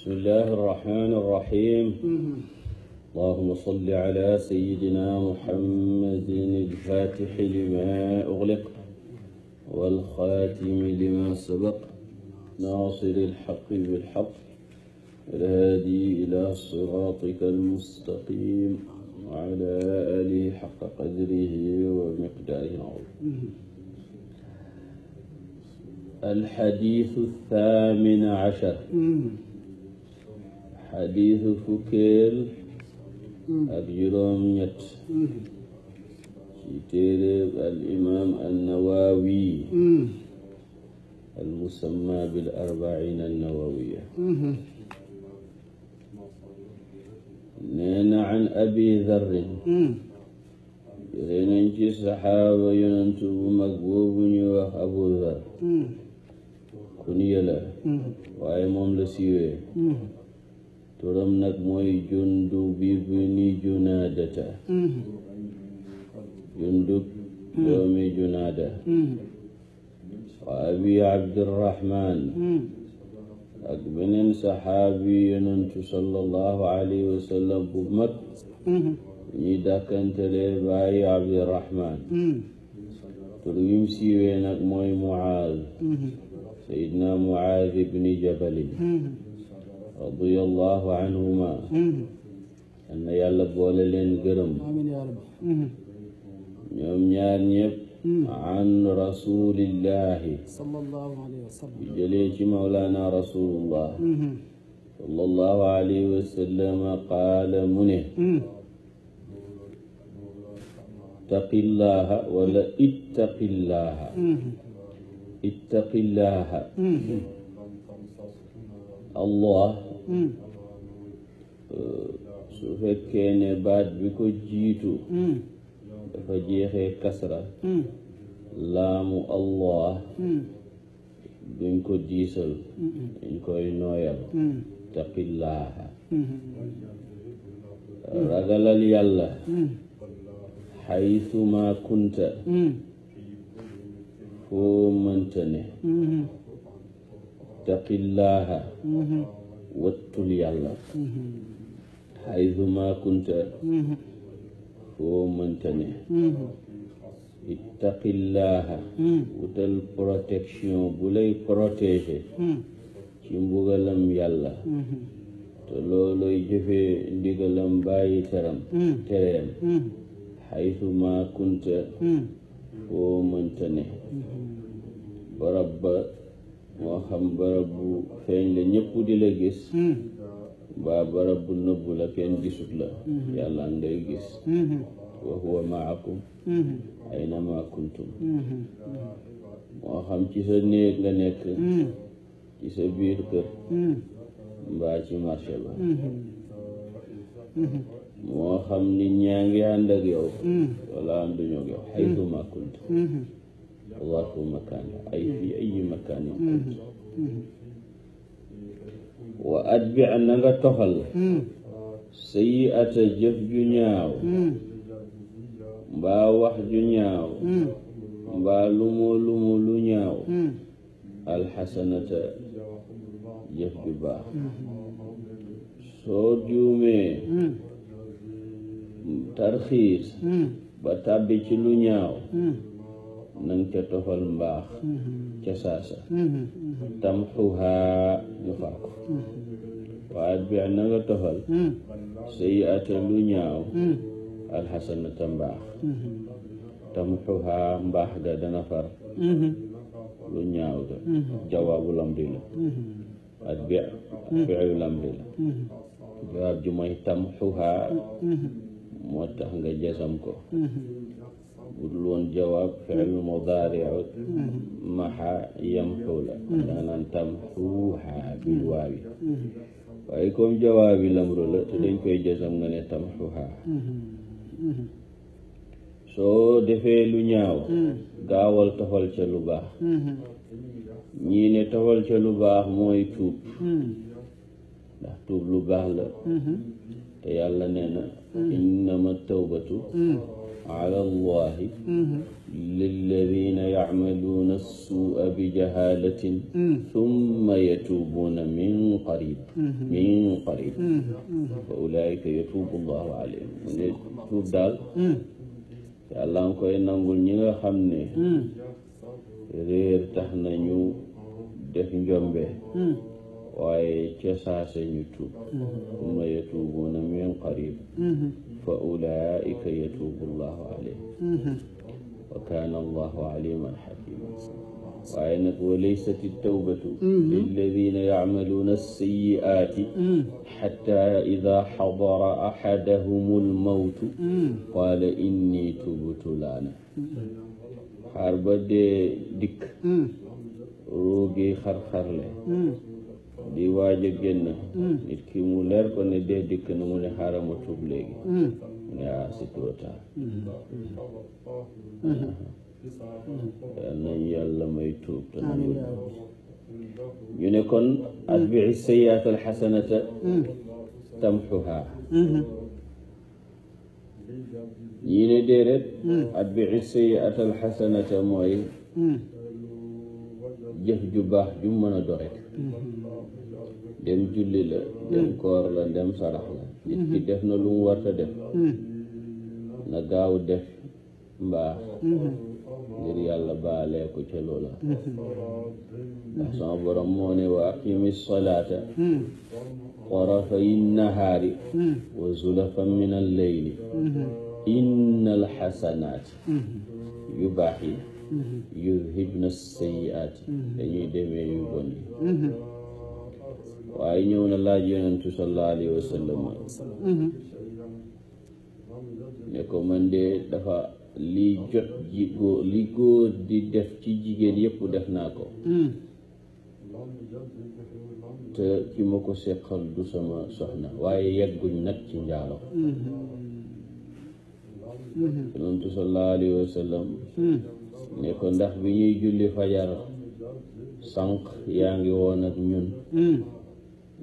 بسم الله الرحمن الرحيم اللهم صل على سيدنا محمد الفاتح لما أغلق والخاتم لما سبق ناصر الحق بالحق الهادي إلى صراطك المستقيم وعلى آله حق قدره ومقداره العظيم الحديث الثامن عشر xadiisu fukkeel ak juróom ñett ci téeréeb al imaam annawawi al musamma bil arbain annawawiya neena an abi darrin jëlee nañ ci saxaaba yonantu bu mag boobu ñu wax abu dar kuniya la mm-hmm. waaye moom la siiwee mm-hmm. turam nag mooy jundub ibni junaadata mm-hmm. jundub doomi junaada wa mm-hmm. abi abdirahman mm-hmm. ak beneen saxaabi yonentu sallallahu alayhi wa sallam bu mag ñuy dàkkantelee bàyyi abdirahman tur yim siiwee nag mooy muaaz sayidna muaaz ibni jabalin radiyallahu anhuma mm-hmm. yal na yàlla boole leen gërëm mm-hmm. ñoom ñaar ñëpp mm-hmm. an rasulillahi bi jëlee ci mawlaana rasulullah sallallahu alayhi wa sallam qaala mu ne ittaqillaha wala ittaqillaha ittaqillaha allah Hmm. Euh, su fekkee ne baat bi ko jiitu hmm. dafa jeexe kasra hmm. laamu allah duñ ko diisal dañ koy nooyal taqillaaha ragalal yàlla xaytuma kunta foo mënta ne taqillaaha wattul yàlla xaytu maa kunta foo mënta ne ittaqillaaha wutal protection bu lay protéger ci mbugalam yàlla te looloy jëfee ndigalam bàyyi teram tereem xaytu maa kunta foo mënta ne barab moo xam barab bu feeñ la ñëpp di la gis hmm. baa barab bu nëbbu la kenn gisut la hmm. yàlla ngay gis hmm. wa huwa maakum aynama kuntum moo xam ci sa néeg nga nekk ci sa biir kër mbaa ci marché ba moo xam ni ñaa ngi ànd ak yow wala ànduñu ak xaytu ma ضافوا مكانه أي في أي مكان وأتبع نغا تخل سيئة جف جنياو mbaa wax ju ñaaw mm-hmm. mbaa lumo lumo lu ñaaw mm-hmm. alxasanata jëf ju baax mm-hmm. soo juumee tarxiis ba tàbbi ci lu ñaaw nang ca toxal mbaax ca saasa tam xuhaa ñu faa ko waa bi na nga toxal sayiata lu ñaaw alxasanata mbaax tam xuhaa mbaax ga dana far lu ñaaw ga jawaabu lamri la at bi fiilu ji mooy tam xuhaa moo tax nga jasam ko budul woon jawaab fiil mudaari'u mm-hmm. maxa yamxu la daanaan mm-hmm. tamxuuha bil waawi mm-hmm. waaye comme jawaabi lamru la te dañ koy jësam nga ne tamxuha soo defee lu ñaaw gaawal tofal ca lu baax ñii ne tofal ca lu baax mooy tuub tuub lu baax la te yàlla nee na innama tawbatu ala allahi lilladina yacmaluuna assuua bijahalatin summa yatuubuuna min qarib min qarib fa ulaika yatuubu allahu alayhim mu ne tuub daal yàlla nga koy nangul ñi nga xam ne réer tax nañu def njombe waaye ca saase ñu tuub mm-hmm. summa yatuubuuna min qarib mm-hmm. fa ulaika yatuubu allahu alayhim mm-hmm. wa kaana allahu aliman xakiman waaye nag walaysat altawbatu lilladina yacmaluuna alsayi'aati xatta ida xadara axadahum almawtu qaala inni tubtu laana xaar ba dee dikk ruugi xarxarle di waaj a hmm. nit ki mu leer ko ne dee dikk na mu ne xaaral ma tuub léegi mu ne ah c'est trop tard hmm. Hmm. yal nañu yàlla may tuub te nangul ñu ne kon atbii sayiat alxasanata tamxuha ñii ne déedéet atbii sayiat alxasanata mooy jëf ju baax ju mën a do rek dem julli la dem hmm. koor la dem sarax la nit hmm. def na lu mu warta def hmm. na gaaw def mbaax ngir yàlla baalee ko ca la ndax sama borom moo ne wa aqimi salaata xarafa yi nahaari wa zulafa min al leyli inna al xasanaati yu baax yi yudhibna sayiaati dañuy demee yu bon waaye ñëw na laaj yonentu sallallahu alayhi wa sallam mm-hmm. ne ko man de dafa li jot ji góor li góor di def ci jigéen yépp def naa ko te ki ma ko seqal du sama soxna waaye yegguñ nag ci njaalo mm-hmm. yonentu sallallahu alayhi wa sallam mm-hmm. ne ko ndax bi ñuy julli fajar sànq yaa ngi woon ñun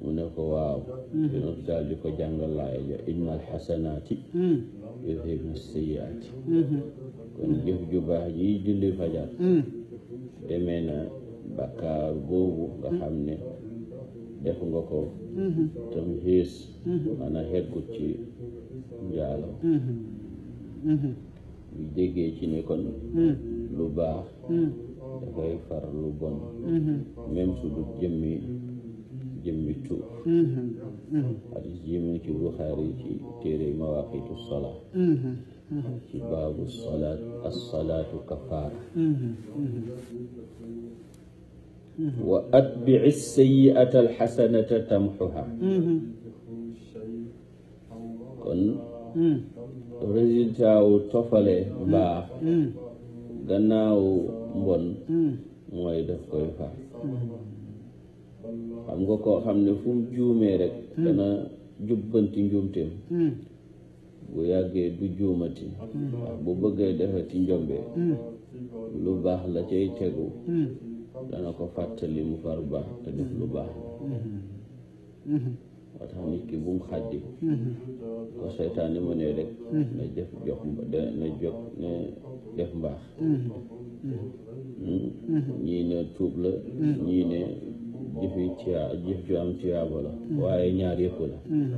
mu ne ko waaw yonent mm-hmm. daal di ko jàngal laaya ja inna alxasanaati mm-hmm. yudhibna mm-hmm. kon jëf ju baax ji julli fajar demee na bàkkaar boobu nga xam ne def nga ko tam xiis maanaam xeggut ci njaalo ñu déggee ci ne kon lu baax dafay far lu bon même su dul jëmmi jëmmi tuub xadis ji mu ci buxaari ci téere mawaqitu sola ci baabu solaat assolaatu kafaara wa atbici sayiata alxasanata tamxuha kon résultat wu tofale mbaax gannaaw mbon mooy daf koy far xam nga ko xam ne fum mu juumee rek hmm. dana jubbanti njuumteem hmm. bu yàggee du juumati waaw hmm. bu bëggee defati njombee lu baax la cay tegu dana ko fàttali mu far baax te def lu baax moo tax nit ki bu xaddi ko seytaane mu rek na def na jox ne def mbaax ñii tuub la ñii jëf jëf ju am tiyaaba la mm. waaye ñaar yëpp la mm.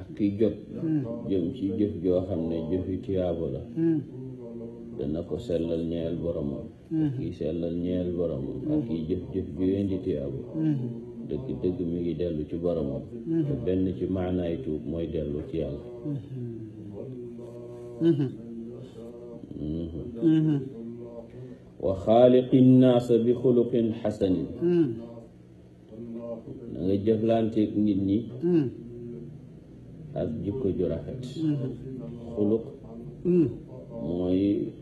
ak ki jot mm. jëm ci jëf joo xam ne jëf yi tiyaaba la dana ko sellal ñeel boromam ak ki ñeel boromam ak ki jëf-jëf ju indi tiyaaba dëgg dëgg mi ngi dellu ci boromam te benn ci maanaay tuub mooy dellu ci yàlla mm-hmm. Mm-hmm. Mm-hmm. wa xaaliqi naasa bi xuluqin xasanin hmm. na nga ngit nit ñi hmm. ak jikko ju rafet hmm. xuluq mooy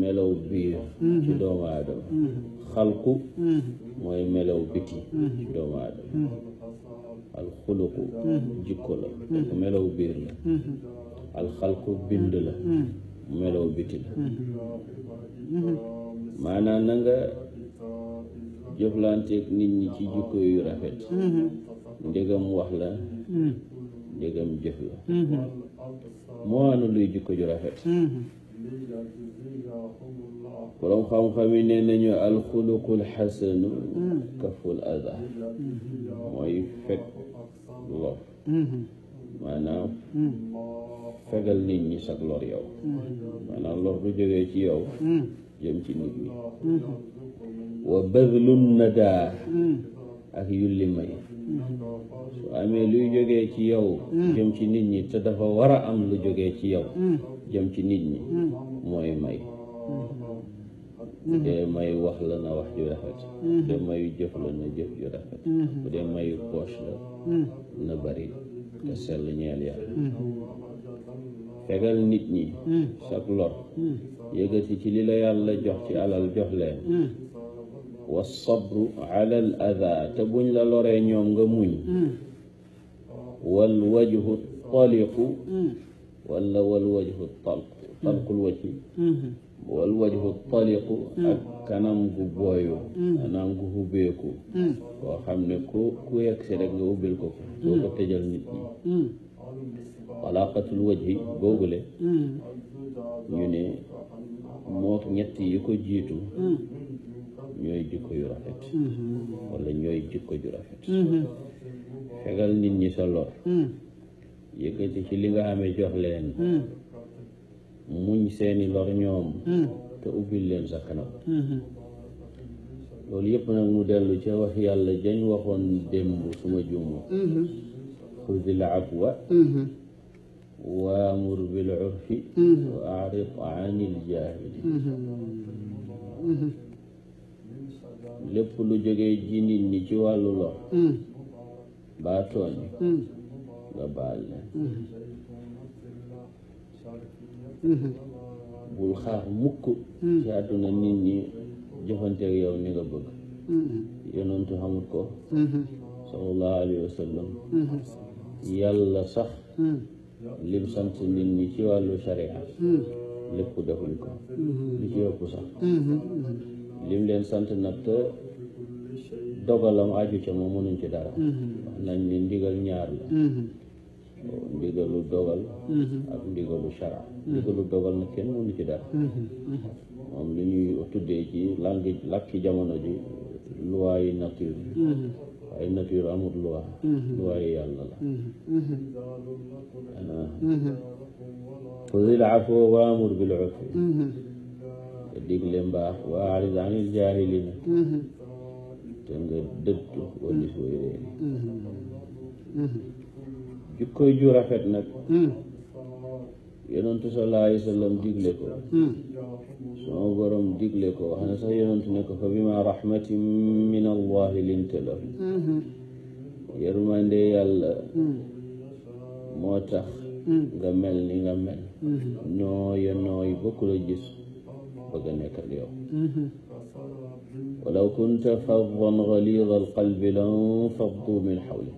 melow biir ci doomu aadama xalku mooy melow biti ci doomu aadama alxuluqu jikko la melow biir la alxalku bind la melow biti la maanaam na nga nit ñi ci jikko yu rafet mm-hmm. ndegam wax la mm-hmm. ndegam jëf la mm-hmm. moo ana luy jikko ju rafet borom xam-xam yi nee nañu alxuluqul xasanu kaful ada mooy fekk lor maanaam fegal nit ñi sag lor yow maanaam lor bu jógee ci yow jëm ci nit ñi mm-hmm. wa badlun nadaa mm-hmm. ak yulli may mm-hmm. su amee luy jógee ci yow jëm ci nit ñi te dafa war a am lu jógee ci yow jëm ci nit ñi mooy may bu dee mayu wax la na wax ju rafet bu dee mayu jëf la na jëf ju rafet bu dee mayu poche la na bari te sell ñeel yàlla fegal nit ñi sag lor yëgati ci li la yàlla jox ci alal jox leen mm. wa al ada te buñ la loree ñoom nga muñ mm. wal wajhu taliqu mm. wala wal wajhu talqu talqul wajhi mm-hmm. wal wajhu taliqu ak kanam gu booyu kanam gu hubbeeku koo xam ne ku ku yegg si rek nga ko ko boo ko tëjal nit ñi xalaaqatul wajhi mook ñett yi ko jiitu hmm. ñooy jikko yu rafet hmm. wala ñooy jikko ju rafet hmm. fegal nit ñi sa lor yëkkati ci li nga amee jox leen muñ seeni lor ñoom te ubbil leen sa kanam loolu yëpp nag mu dellu ca wax yàlla jañ waxoon démb suma juumoo xudil afwa waamur bil urfi wa arid anil jaahili lépp lu jóge ji nit ñi ci wàllu lox baa nga baal bul xaar mukk ci àdduna nit ñi joxante ak yow ni nga bëgg yonentu xamut ko sallallahu alayhi wa sallam yàlla sax lim sant nit ñi ci wàllu sharia hmm. lépp defuñ ko hmm. li ci yokku sax hmm, lim leen sant nag te dogalam aju ca moom mënuñ ci dara nañ ni ndigal ñaar la oh, ndigalu dogal ak ndigalu shara ndigalu dogal na kenn mënu ci dara moom li ñuy tuddee ci langue làkki jamono ji loi yi nature waaye nature amul loi mm-hmm. loi yi yàlla la xuzil mm-hmm. mm-hmm. afwa wa amur bil urfi te digle mbaax wa arid anil jaahiliina te nga dëddu walis wayu reen jikkoy ju rafet nag yonentu sallallahu alayhi wa sallam digle ko hmm. sama borom digle ko wax na sax yonentu ne ko fa bima rahmatin min allahi linte la hmm. yërmande yàlla hmm. moo tax nga mel ni nga mel nooya nooy bokk la gis bëgg a nekkal yow walaw kunta faddan galida alqalbi lanfaddu min xawlik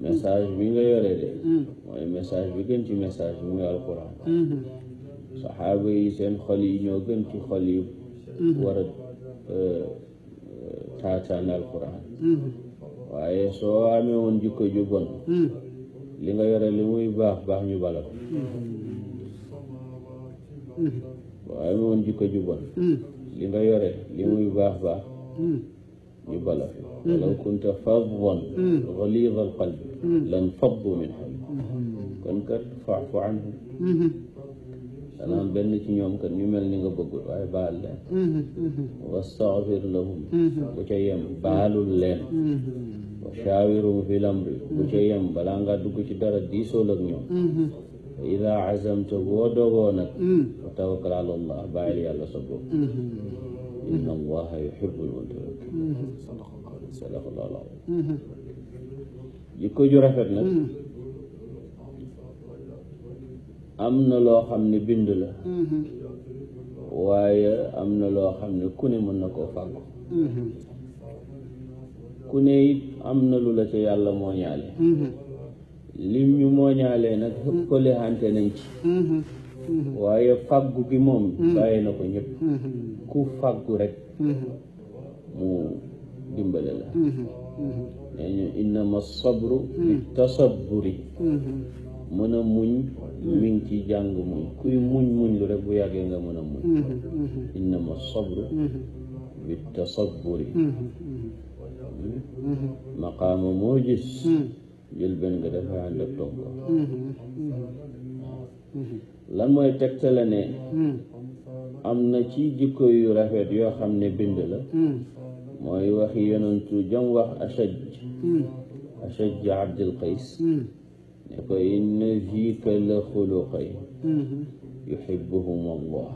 message bi nga yore de mm. mooy message bi gën ci message bi muy alquran mm-hmm. saxaaba yi seen xol yi ñoo gën ci xol yi mm-hmm. war a taataan euh, alquran mm-hmm. waaye soo amee woon jikko ju li nga yore li muy baax baax ñu bala ko soo amee woon jikko ju li nga yore li muy baax baax يبلا لو كنت فظا غليظ القلب لانفضوا من حولك kon kat faafu anhu mm-hmm. danaan benn ci ñoom kat ñu mel ni nga bëggul waaye baal leen mm-hmm. mm-hmm. wastaxfir lahum bu ca yem baalul leen wa shaawirum fil amri bu ca yem balaa ngaa dugg ci dara diisool ak ñoom fa ida azamta boo dogoo nag mm. fa tawakkal ala allah bàyyil yàlla sa bopp inna allaha yuhibbul mutawakkilin sadaqallahu al-azim ju rafet nag am na loo xam ne bind la waaye am na loo xam ne ku ne mën na koo fàggu ku ne it am na lu la ca yàlla mooñaale lim ñu mooñaalee nag xëppale hante nañ ci Mm-hmm. waaye fàggu gi moom mm-hmm. bàyyi na ko ñëpp mm-hmm. ku fàggu rek mu dimbale la nee ñu innama sabru bi tasabburi mën a muñ mi ngi ci jàng muñ kuy muñ muñ lu rek bu yàggee nga mën a muñ innama sabru bi tasabburi maqaama moo gis jël nga dafa ànd ak toog lan mooy tegtale ne hmm. am na ci jikko yu rafet yoo xam ne bind la hmm. mooy waxi yonentu jam wax ashaj hmm. ashaj abdul qays ne ko inna fiika la xuluqay yuhibbuhum allah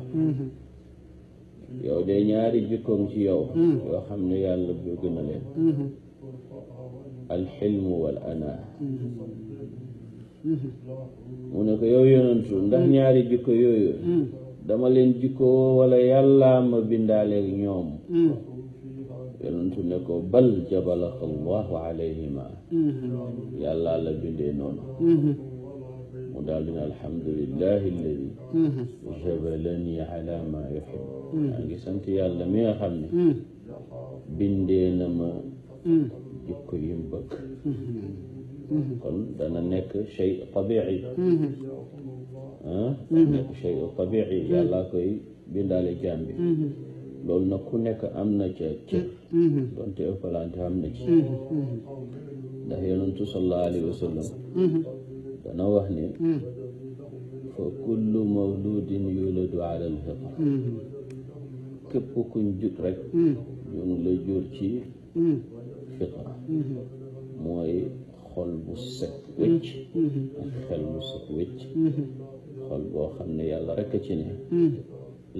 yow de ñaari jikkoom ci yow yoo xam ne yàlla bëgg na leen alxilmu wal anaa Mm-hmm. mu ko yow yonantu mm. ñaari jikko yooyu mm. dama leen jikkoo wala yàllaa ma bindaaleeg ñoom mm. yonantu ne ko bal jabalaka allahu alayhima mm-hmm. yàllaa la bindee noonu mm-hmm. mu daal alhamdulillahi alladi jabalani ala ma yuhib maa ngi sant yàlla mi nga xam bindee na ma jikko yim Mm-hmm. kon dana nekk shay tabi'i mm-hmm. Mm-hmm. ah nekk shay tabi'i yàlla koy bi loolu na ku nekk am na ca cër donte ëppalante am na ci ndax yonentu sallallahu alayhi wa dana wax ne fa kullu mawludin yuladu ala alfitra képp kuñ jut rek ñu ci fitra mooy xol bu set mm-hmm. wëcc mm-hmm. ak xel bu set wëcc mm-hmm. xol boo xam ne yàlla rek a ci ne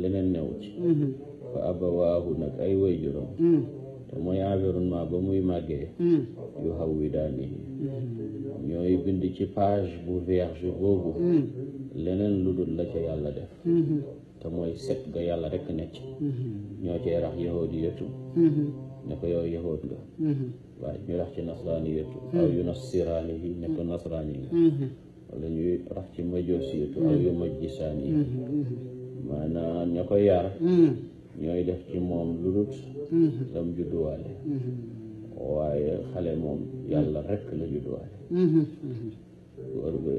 leneen new ci fa abawaahu nag ay waajuram te mooy environnement ba muy màggee yu hawwidaani ñooy bind ci page bu vierge boobu leneen lu dul la ca yàlla def te mooy set ga yàlla rek nekk ñoo cee rax yahood yëtu ne ko yow yahood nga waaye ñu rax ci nasraaniyatu hmm. aw yu nasiraani yi nekk nasraan yi wala ñuy rax ci majoosiyatu aw hmm. yu majjisaan yi hmm. maanaam ña ko yar ñooy def ci moom lu dul lam judduwaale waaye xale moom yàlla rekk la judduwaale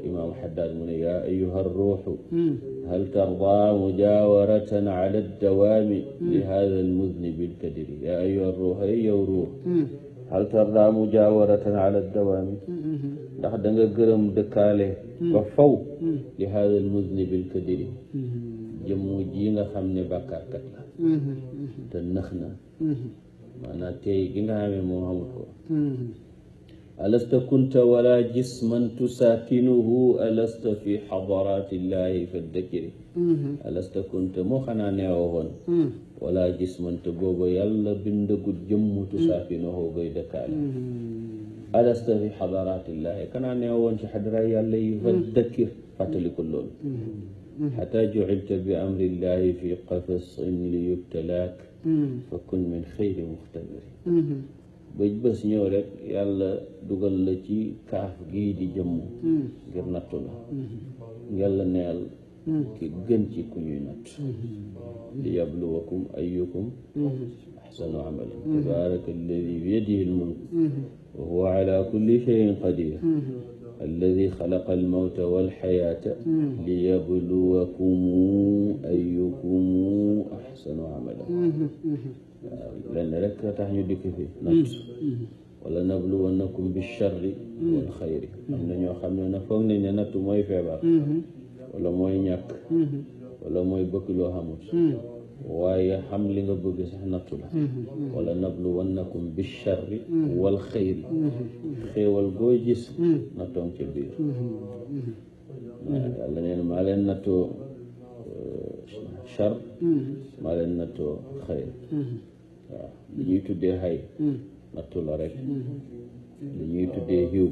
imaam Haddad mu ne yaa ayyuha ruuxu hal tardaa mujaawaratan ala dawaami li haada almuzni bilkadiri yaa ayyuha ruuxu ay yow ruux hal tardaamu jaawaratan ala dawaami ndax da nga gërëm dëkkaale ba faw li haadal muznibil kadiri jëmm ji nga xam ne bàkkaarkat la te nëx na maanaam tey gi nga xamee moom amut ko alasta kunta wala jisman tusaakinuhu alasta fi xadaratillahi fa dëkkiri alasta kunta moo xanaa neewa woon wala jisman te booba yàlla bindagul jëmm tusaakinuhu bay dëkkaale alasta fi xadaratillahi xanaa neewa woon ci xadara yàlla yi fa dëkkir fàttaliku loolu xataa jucilta bi amrillahi fi qafasin li yubtalaak fa kun min xayri muxtamiri bëj bés ñëw rek yàlla dugal la ci kaaf gii di jëmm hmm. ngir nattu la hmm. yàlla neel hmm. ki gën ci ku ñuy natt li yabluwakum ayyukum ahsanu amalan tabaraka alladi biyadihi almulk wa huwa ala kulli shayin qadir alladi xalaqa almawta walxayaata liyabluwakum ayyukum ahsanu amalan lenn rek tax ñu dikk fi mm-hmm. natt mm-hmm. wala nabluwannakum bi sharri mm-hmm. wal xayri am na ñoo xam ne na foog nañ ne natt mooy feebar wala mooy ñàkk wala mooy bëgg loo xamut waaye xam li nga bëgg sax nattu la wala nabluwannakum bi sharri wal xayri xéewal goo gis nattoom ca biir yàlla neen maa leen nattoo char maa mm-hmm. leen nattoo xëy mm-hmm. waaw li ñuy tuddee xay mm-hmm. nattu la rek li ñuy tuddee xiw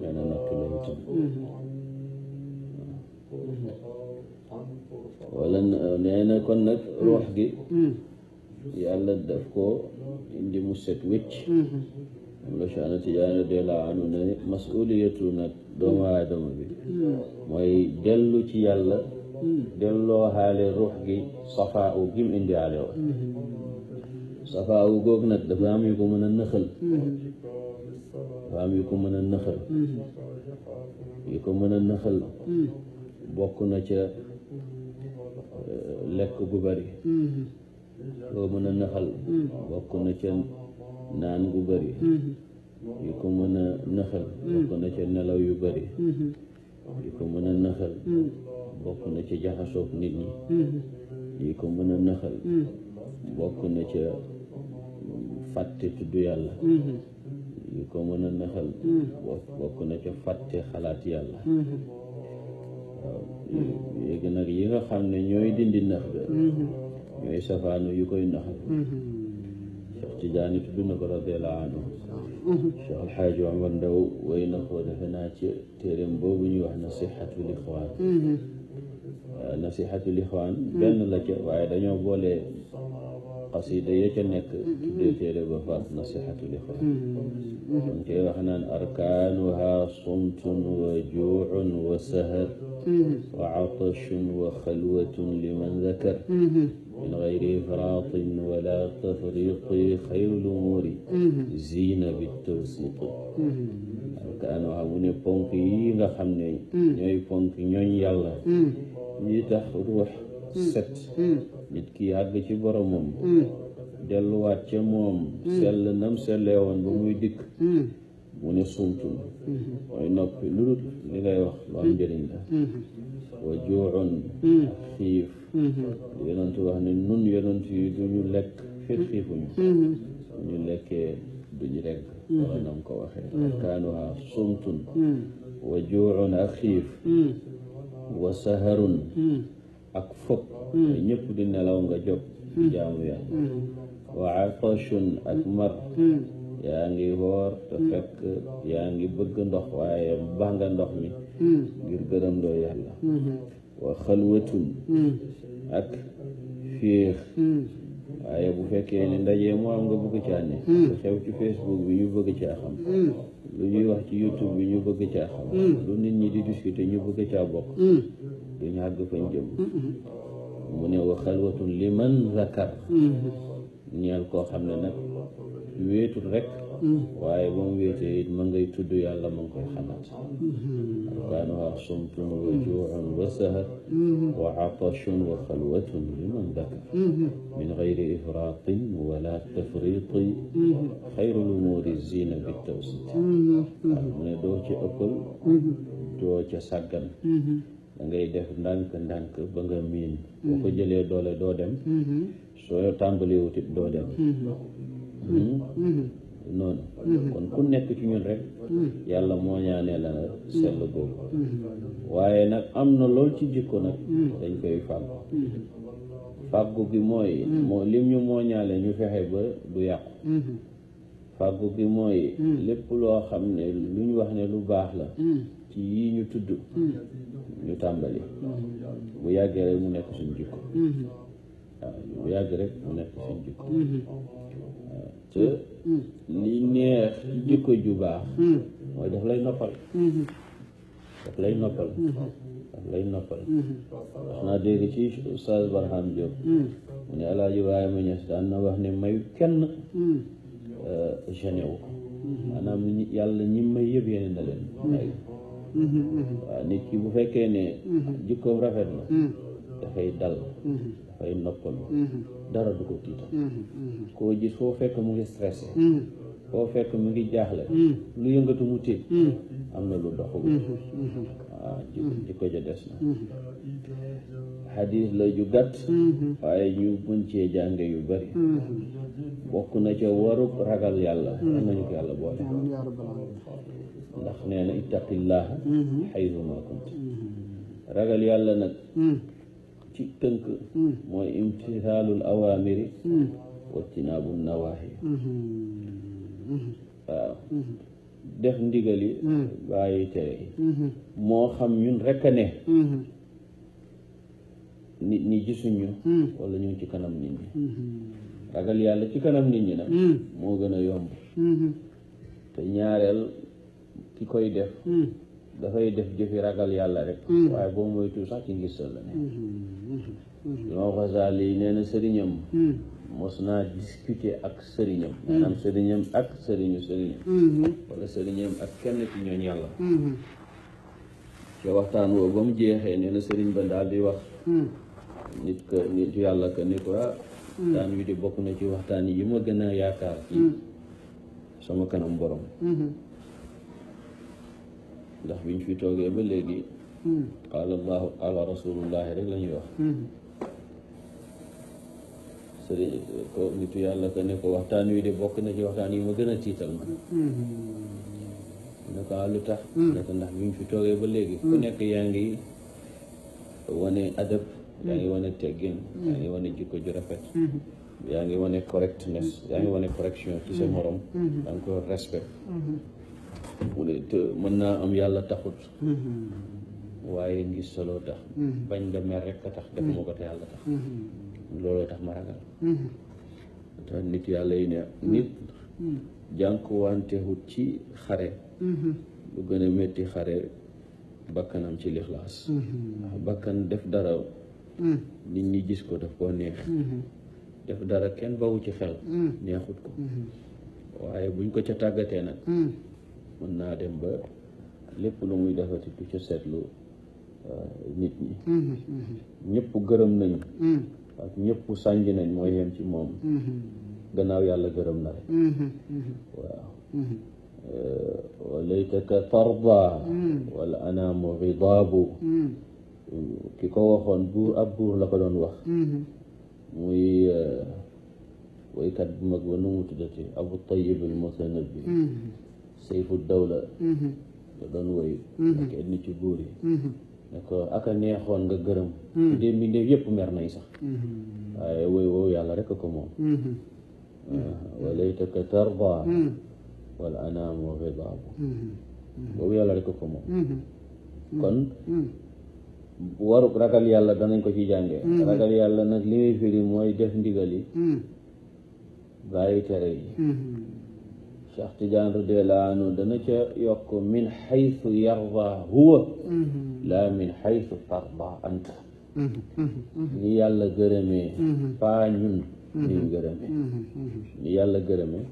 nee na nattu la itam wala euh, nee na kon nag ruux gi yàlla daf ko indi mu set wécc am la Cheikh Ahmad Tijaani radiyallaahu anhu ne masuliyatu nag doomu aadama bi mooy dellu ci yàlla delloo xaale ruux gi safaa u gim indi xaale woon safaa u góog nag dafa yu ko mën a nëxal yu ko mën a nëxal mën a nëxal bokk na ca eh, lekk gu bari loo mën a nëxal bokk na ca naan gu bari yu ko mën a nëxal na ca nelaw yu bari yu ko mën a bokk na ca jaxasoog nit ñi yi mm-hmm. ko mën a naxal mm-hmm. bokk na ca fàtte tudd yàlla yi mm-hmm. ko mën a naxal bokk na ca fàtte xalaat yàlla waaw léegi nag yi nga xam ne ñooy dindi nax ga ñooy safaanu yu koy naxal Cheikh Tidiane tudd na ko radiyallahu anhu Cheikh Alxaaji Omar Ndaw way na ko defe naa ci téeréem boobu ñuy wax na sixatul ixwaan nasihatul ixwaan benn la ca waaye dañoo boole xasida ya ca nekk tuddee téere ba faat nasihatul ixwaan kon kay wax naan arkaanuha sumtun wa juucun wa sahar wa atashun wa xalwatun liman dakar min gayri ifraatin wala tafriqi xayrul umuuri ziina bi tawsiqi arkaanuha mu ne ponk yi nga xam ne hmm. ñooy ponk ñooñ yàlla hmm. yi tax ruux hmm. set nit ki àgg ci boromam delluwaat ca moom sell nam sellee ba muy dikk mu ne sumtum mooy noppi lu dul li ngay wax lu am njëriñ la wa juucun ak xiif wax ne nun yonent yi duñu lekk fekk xiifuñu duñu lekkee duñu rekk wala mm-hmm. nam ko waxee mm-hmm. arkaanuha sumtun mm-hmm. wa juucun ak xiif wa saharun ak fop ñëpp di nelaw nga jóg jaamu yàlla wa atashun ak mar yaa ngi woor te fekk yaa ngi bëgg ndox waaye bax nga ndox mi ngir gërëm doo wa xalwatun ak féex waaye bu fekkee ne ndaje moo am nga bëgg caa ne hmm. xew ci facebook bi ñu bëgg ca xam hmm. lu ñuy wax ci youtube bi ñu bëgg ca xam hmm. lu nit ñi di discuter ñu bëgg caa bokk duñ àgg fañ jëm mu ne wa li mën zakar ñeel koo xam ne nag wéetul rekk waaye ba mu wéetee it ma tudd yàlla ma ngi koy xamal alkaana wax sumtun wa juucun wa sahar wa atashun wa xalwatun liman dakar min gayri ifratin wala tafriti zina bi tawsit mu doo ci ëppal doo ca sàggan da ngay def ndànk ndànk ba nga miin boo ko jëlee doole doo dem soo tàmbalee wutit noonu mm-hmm. kon ku nekk ci ñun rek mm-hmm. yàlla moo ñaanee la mm-hmm. sell googu waaye nag am na lool ci jikko nag dañ koy fàggu fàggu gi mooy ba du yàqu fàggu gi mooy lépp loo xam ne lu ñu wax ne lu baax la ci yi ñu tudd ñu tàmbali bu yàggee rek mu nekk suñ jikko bu yàgg rek mu nekk suñ jikko te li neex ci jikko ju baax mooy daf lay noppal daf lay noppal daf lay noppal wax naa dégg ci Oustaz Barham Diop mu ne El Hadj Ibrahima Niass daan na wax ne may kenn euh, genew ko maanaam yàlla ñi may yëpp yeneen na leen mm-hmm. waaw nit ki bu fekkee ne mm-hmm. jikkoom rafet na mm-hmm. dafay dal mhm. dafay noppalu mhm. dara du ko tiital mhm. koo gis foo fekk mu ngi stressé foo fekk mu ngi jaaxle lu yëngatu mu tiit am na lu doxul waaw di ko ja des na xadis la ju gàtt waaye ñu buñ cee jànge yu bari bokk na ca warub ragal yàlla am nañu ndax nee na ittaqillaha xaytuma ragal yàlla nag ci tënk mm. mooy imtisaalul awaamiri mm. wattinaabu mm-hmm. mm-hmm. waaw mm-hmm. def ndigal yi mm. bàyyi tere yi moo xam ñun rekk a ne nit ñi gisuñu wala ñu ci kanam nit ñi ragal yàlla ci kanam nit ñi nag moo gën a yomb te ñaareel ki koy def dafay def jëfi ragal yàlla rek mm. waaye boo moytu sax ci mm-hmm. Mm-hmm. Mm-hmm. sëriñam mm. mos naa discuter ak sëriñam mm. maanaam sëriñam ak sëriñu sëriñam wala sëriñam ak kenn ci ñooñ yàlla ca waxtaan woowu ba jeexee nee sëriñ ba daal di wax nit ko nit yàlla que ni ko ah, daan wi di bokk na ci waxtaan yi ma gën a yaakaar sama kanam borom ndax biñ fi toogee ba léegi qaala allahu qaala rasulullahi rek lañuy ñuy wax sëriñ ko nitu yàlla ko ne waxtaan wi de bokk na ci waxtaan wi ma gën a tiital ma ne ko ah, lu tax mm. ne ko ndax biñ fi toogee ba léegi ku mm. nekk yaa ngi wane adab mm. yaa ngi wane teggin yaa ngi wane jikko ju rafet yaa ngi wane correctness yaa ngi wane correction ci sa morom yaa ko respect mm-hmm. mu mën naa am yàlla taxut mm-hmm. waaye ngi soloo tax mm-hmm. bañ la mer rek a tax mm-hmm. def moo ko te yàlla tax looloo tax ma ragal tax nit yàlla yi ne nit jànkuwantewut ci xare lu gën a metti xare bakkanam ci lixlaas bakkan def dara nit ñi gis ko daf koo neex def dara kenn bawu ci xel neexut ko waaye buñ ko ca tàggatee nag mën naa dem ba lépp lu muy defati du ca seetlu euh, nit ñi mm-hmm. ñëpp gërëm nañu mm-hmm. ak ñëpp sànj nañ mooy yem ci moom mm-hmm. gannaaw yàlla gërëm na rek waaw euh, walaytaka tarda wala anaamu ridaabu ki ko waxoon buur ab buur la ko doon wax muy euh, woykat bu mag ba nu mu tuddati abu tayib al mutanabbi Seyfu Dawla mm-hmm. da doon woyu mm-hmm. ak yenn ci góor yi mm-hmm. ne ko ak a neexoon nga gërëm dee mbindéef yëpp mer nañ sax waaye woy woowu yàlla rek ko moom wa laytaka tarda wal anaamu xidaabu boobu yàlla rek ko moom kon waruk ragal yàlla danañ ko ci jànge ragal yàlla nag li muy firi mooy def ndigal bàyyi tere yi Cheikh Tidiane radiyallahu anhu dana ca yokk min xaytu yarda huwa laa min xaytu tarda anta ni yàlla gërëmee faa ñun ni ñu gërëmee ni yàlla gërëmee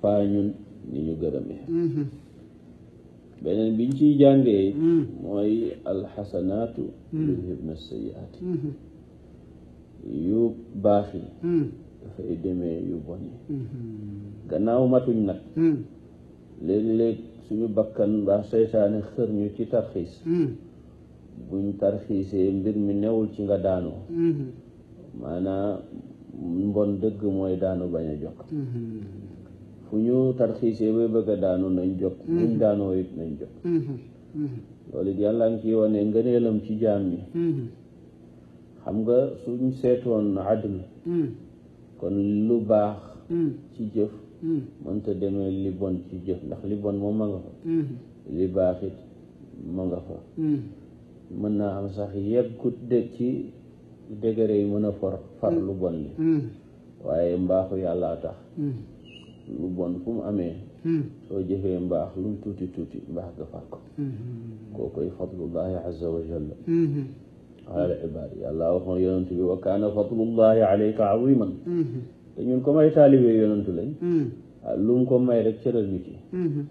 faa ñun ni ñu gërëmee beneen biñ ciy jàngee mooy alxasanaatu yudhibna sayyi'aati yu baax yi dafay demee yu bon mm-hmm. gannaaw matuñ nag mm. léeg-léeg suñu bakkan mbaa seytaane xër ñu ci tarxiis mm. buñ tarxiisee mbir mi newul ci nga daanoo mm-hmm. maanaam mbon dëgg mooy daanu bañ a jokk mm-hmm. fu ñu tarxiisee bay bëgg daanu nañ jokk buñ daanoo it nañ jokk loolu yàlla ngi ciy wane ngëneelam ci jaam yi xam nga suñ seetoon adl mm. kon lu baax hmm. ci jëf hmm. mënta demee li bon ci jëf ndax libon moom ma nga fa hmm. li baax it ma nga fa mën naa am sax yeggut de ci degré yi mën a for far lu bon li waaye mbaaxu yàlla tax lu bon fu mu amee soo jëfee mbaax lu tuuti tuuti mbaax ga far ko koo koy fadlullahi azza wa xaala ibaadi yàlla waxoon yonent bi wa kaana fadlullahi alayka aziman mm-hmm. te ñun comme ay taalibee yonent lañ mm-hmm. ah, lu mu ko may rek cëral nit yi mm-hmm.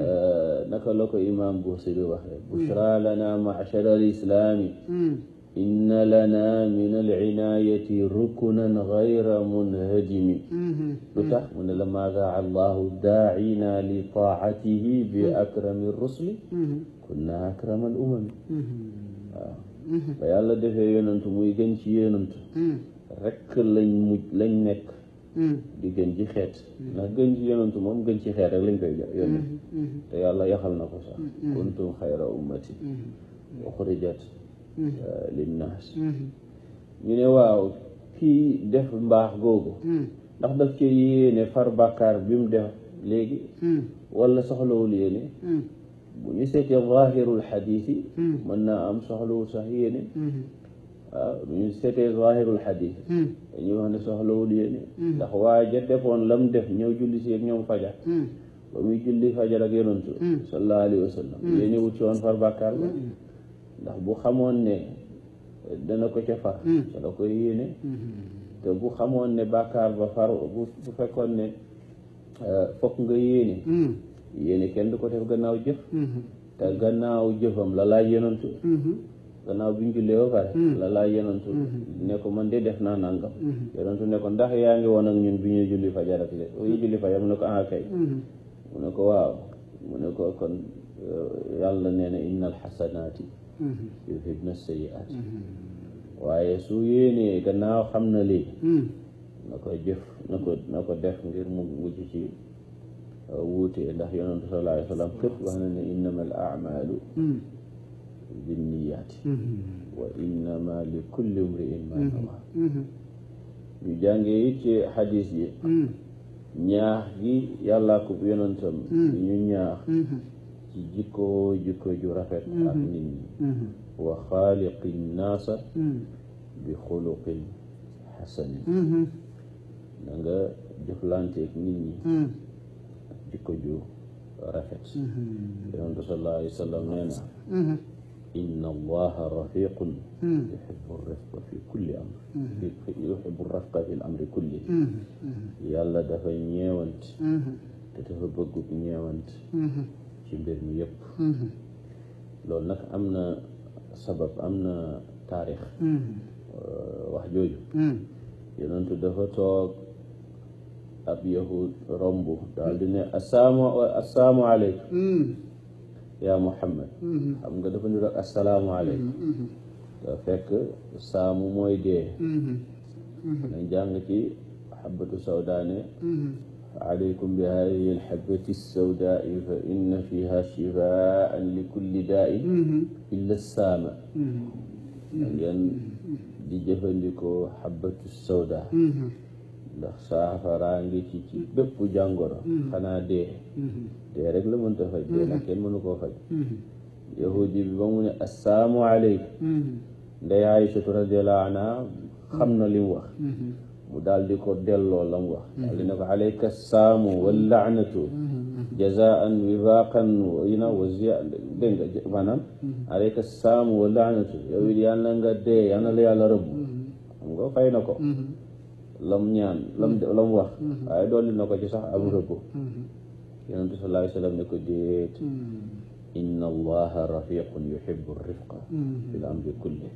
eh, naka la ko imaam Buusiri waxee bushra lana ma'shara al-islaami inna lana min al-'inaayati ruknan ghayra munhadimi lu tax mu ne la maadaa allahu daa'ina li taa'atihi bi akrami rusuli kunna akrama al-umami waaw ba yàlla defee yonent muy gën ci yonent hmm. rekk lañ mujj lañ nekk hmm. di gën ci xeet ndax gën ci yonantu moom gën ci xeet rek lañ koy yónni hmm. te yàlla yaxal na ko sax kuntum xayra ummati uxrijat linnaas ñu ne waaw kii def mbaax googu ndax daf ci yéene far bàkkaar bi mu def léegi wala soxlawul yéene bu ñu seetee zahirul xadiis yi mën naa am soxlawu sax yéene waaw bu ñu seetee zahirul xadiis dañuy wax ne soxlawul yéene ndax waa ja defoon lam def ñëw julli si ak ñoom fajar ba muy julli fajar ak yonantu sallallahu ci woon far bàkkaar bu xamoon ne dana ko ca far bu xamoon ne bàkkaar ba far bu fekkoon ne fokk nga yéene yéene kenn du ko def gannaaw jëf mm-hmm. te gannaaw jëfam la laaj yenantu mm-hmm. gannaaw bi ñu jullee ba pare mm-hmm. la laaj ne ko man de def naa nangam yenantu ne ko ndax yaa ngi woon ak ñun bi ñuy julli fajar ak le bu ñuy julli fajar mu ne ko ah kay mu ne ko waaw mu ne ko kon eh, yàlla nee inna alxasanaati yuzhibna sayyiaati waaye su yéenee gannaaw xam na lii na ko jëf na ko na ko def ngir mu mujj ci wuutee ndax yonentu sallallahu alayhi wa sallam kët wax na ne innama al amalu binniyaati wa innama li kulli imri'in ma ci xadis yi ñaax gi yàllaa ko yonentam di ñu ñaax ci jikko jikko rafet ak nit ñi wa xaaliqi naasa bi xuluqin xasanin da mm-hmm. nga jëflanteeg ñi jikko ju rafet mhm. yonent bi sallallahu alayhi wa sallam nee na mhm. inna allaha rafiqun mhm. yuhibbu rifqa fi kulli amr yuhibbu rifqa fi amri kulli yàlla dafa ñeewant te dafa bëggub ñeewant ci mbir mi yëpp loolu nag am na sabab am na taarix wax jooju yonentu dafa toog ab yahud romb daal di ne assalaamu assalaamu aleykum mm-hmm. yaa muhammad mm-hmm. xam nga dafa ñu rek assalaamu aleykum mm-hmm. te fekk saamu mooy dee nañ jàng ci xabatu sawdaane aleykum bi hadihi alxabati sawdaai fa inna fiha shifaan li kulli daain illa saama ngeen di jëfandikoo xabatu sawda ndax saafaraa ngi ci ci bépp mm-hmm. dee mm-hmm. dee rek la faj dee nag mm-hmm. kenn mënu faj yahudi bi ba mu ne assalaamu aleyk nday aïchatu radiallahu anha xam na li wax mu daal di ko delloo la wax daal di ne ko aleyka saamu wal laanatu jazaan wifaqan ina wasi dégg nga maanaam aleyka saamu wal la rëbb xam nga fay na ko lam ñaan lam lam wax mm-hmm. Mm-hmm. waaye dolli na ko ci sax am rëbb mm-hmm. yonentu sallallahu alayhi wa sallam ne ko déet inna allaha rafiqun yuhibbu rifqa fil amri kulli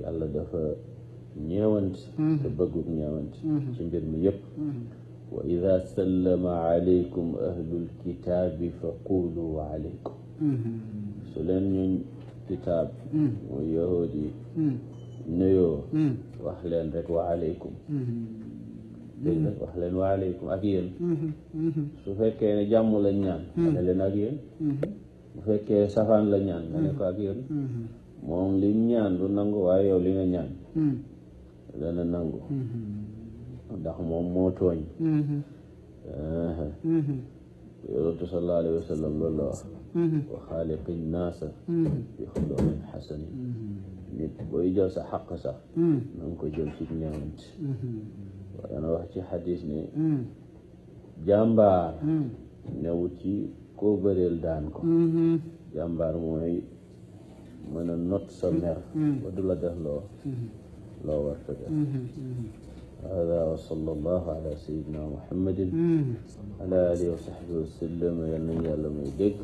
yàlla dafa ñeewant te bëgguk ñeewant ci mbir mi yëpp wa ida sallama alaykum ahlul kitaabi fa qulu wa alaykum su leen ñun kitaab mooy yahudi yi nuyoo mm. wax leen rek wa aleykum mm-hmm. Mm-hmm. dégg leen wa aleykum ak yéen mm-hmm. su fekkee ne jàmm lañ ñaan ma ne ak yéen fekkee safaan la ñaan ma ne ko ak moom lim ñaan nangu waaye yow li nga nangu ndax moom moo tooñ yonentu sallallahu alayhi wa sallam loolu la wax wa naasa bi xuluqin xasanin nit booy jël sa xaq sa na ko jël ci ñeewant wala na wax ci xadis ne jàmbaar newut ci ko bëreel daan ko jàmbaar mooy mën not sa mer ba la def loo loo war ta هذا وصلى الله على سيدنا محمد على آله وصحبه وسلم yal nañu yàlla may dégg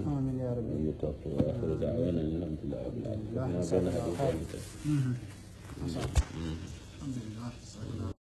ñu topp waaxiru daawaana alhamdulilah rabbil alamin